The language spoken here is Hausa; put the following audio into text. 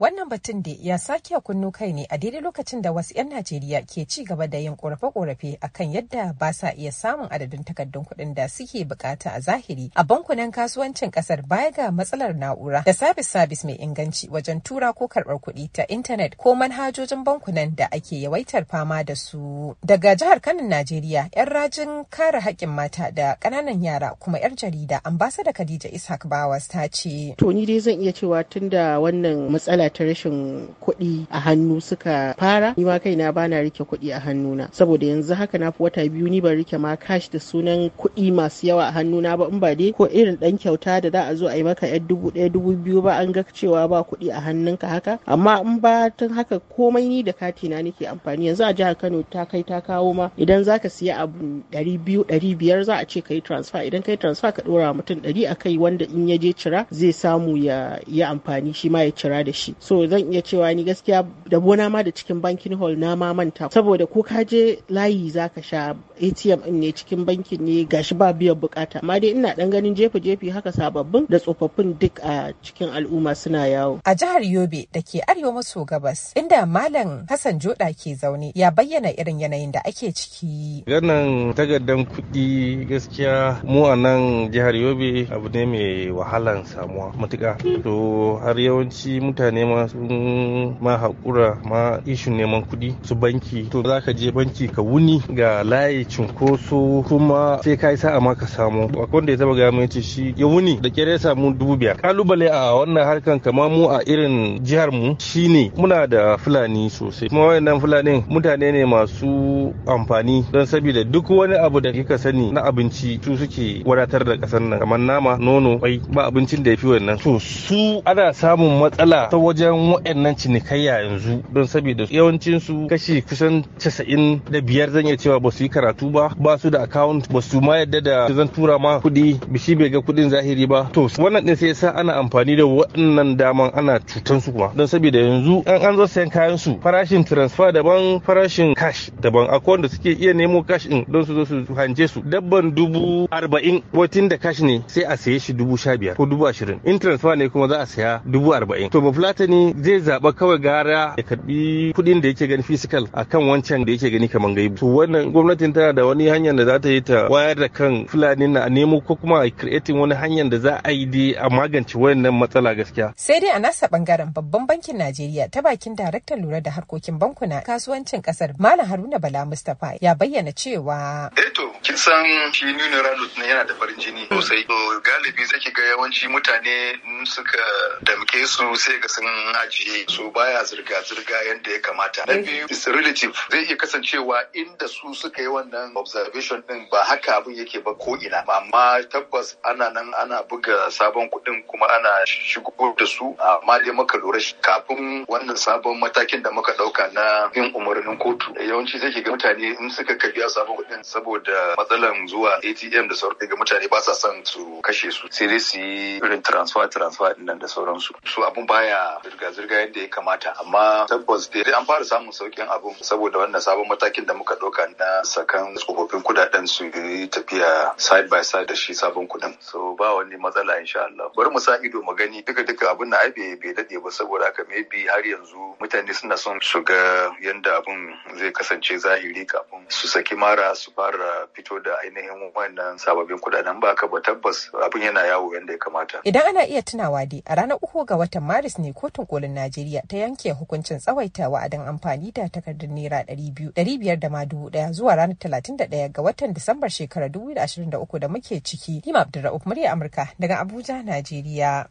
Wannan batun da ya sake kunnu kai ne a daidai lokacin da wasu 'yan Najeriya ke ci gaba da yin korafe-korafe kan yadda ba sa iya samun adadin takardun kuɗin da suke bukata a zahiri a bankunan kasuwancin kasar baya ga matsalar na'ura da sabis-sabis mai inganci wajen tura ko karɓar kuɗi ta intanet ko manhajojin bankunan da ake yawaitar fama da su. Daga jihar Kanin Najeriya 'yan rajin kare haƙƙin mata da ƙananan yara kuma 'yar jarida ambasada Khadija Ishak Bawas ta ce. To ni dai zan iya cewa tun da wannan matsala ta rashin kuɗi a hannu suka fara ni ma kaina ba na rike kuɗi a hannuna saboda yanzu haka na fi wata biyu ni ban rike ma cash da sunan kuɗi masu yawa a hannuna ba in ba dai ko irin ɗan kyauta da za a zo a yi maka yar dubu ɗaya dubu biyu ba an ga cewa ba kuɗi a hannun ka haka amma in ba tun haka komai ni da katina nake amfani yanzu a jihar Kano ta kai ta kawo ma idan zaka siya abu ɗari biyu ɗari biyar za a ce ka yi transfer idan ka yi transfer ka ɗora mutum ɗari a kai wanda in ya je cira zai samu ya amfani shi ma ya cira da shi so zan iya cewa ni gaskiya da bona ma da cikin bankin hall na ma manta saboda ko ka je layi zaka sha atm in ne cikin bankin ne gashi ba biyan bukata amma dai ina dan ganin jefe jefe haka sababbin da tsofaffin duk a cikin al'umma suna yawo a jihar yobe da ke arewa maso gabas inda malam hassan joda ke zaune ya bayyana irin yanayin da ake ciki ganin tagaddan kuɗi gaskiya mu a nan jihar yobe abu ne mai wahalan samuwa matuka to har yawanci mutane ma sun ma haƙura ma ishin neman kuɗi su banki to za ka je banki ka wuni ga layi cunkoso kuma sai ka yi sa'a ma ka samu akwai da ya taba gaya mace shi ya wuni da kyar ya samu dubu biyar kalubale a wannan harkan kama mu a irin jihar mu shine muna da fulani sosai kuma wayannan fulani mutane ne masu amfani don saboda duk wani abu da kika sani na abinci su suke wadatar da kasar nan kamar nama nono kwai ba abincin da ya fi wannan to su ana samun matsala ta wajen waɗannan cinikayya yanzu don saboda yawancin su kashi kusan casa'in da biyar zan iya cewa ba su yi karatu ba ba su da account ba su ma yadda da zan tura ma kuɗi bishi bai ga kuɗin zahiri ba to wannan ɗin sai yasa ana amfani da wannan daman ana cutan su kuma don saboda yanzu an an zo sayan kayan su farashin transfer daban farashin cash daban akwai wanda suke iya nemo cash din don su zo su hanje su dabban dubu arba'in watin da cash ne sai a saye shi dubu sha biyar ko dubu ashirin in transfer ne kuma za a saya dubu arba'in to ba gani zai zaɓa kawai gara ya karbi kuɗin da yake gani fisikal a kan wancan da yake gani kamar gaibu to wannan gwamnatin tana da wani hanyar da za ta yi ta wayar da kan fulani na nemo ko kuma a creating wani hanyar da za a yi dai a magance wannan matsala gaskiya sai dai a nasa bangaren babban bankin najeriya ta bakin daraktan lura da harkokin bankuna kasuwancin kasar malam haruna bala mustapha ya bayyana cewa eto eh kin san shi nuneral na yana da farin jini sosai galibi zaki ga yawanci mutane suka damke su sai ga sun sun ajiye su baya zirga-zirga yadda ya kamata. Na biyu is relative zai iya kasancewa inda su suka yi wannan observation din ba haka abin yake ba ko ina amma tabbas ana nan ana buga sabon kuɗin kuma ana shigo da su amma dai maka lura kafin wannan sabon matakin da muka ɗauka na yin umarnin kotu yawanci zai ga mutane in suka ka biya sabon kuɗin saboda matsalan zuwa ATM da sauran ga mutane ba sa son su kashe su sai dai su yi irin transfer transfer din nan da sauransu su abun baya zirga-zirga yadda ya kamata amma tabbas dai an fara samun saukin abun saboda wannan sabon matakin da muka ɗauka na sakan tsofaffin kudaden su yi tafiya side by side da shi sabon kudin so ba wani matsala insha Allah bari mu sa ido mu gani duka duka abun na ai bai daɗe ba saboda haka maybe har yanzu mutane suna son su ga yanda abun zai kasance zahiri kafin su saki mara su fara fito da ainihin wannan sababbin kudaden ba ka ba tabbas abin yana yawo yanda ya kamata idan ana iya tunawa dai a ranar uku ga watan Maris ne ko kotun kolin najeriya ta yanke hukuncin tsawaita wa'adin amfani da takardar naira ɗari biyar da ma dubu ɗaya zuwa ranar talatin da ɗaya ga watan disambar shekarar dubu da da muke ciki lima abdulra'uf murya amurka daga abuja najeriya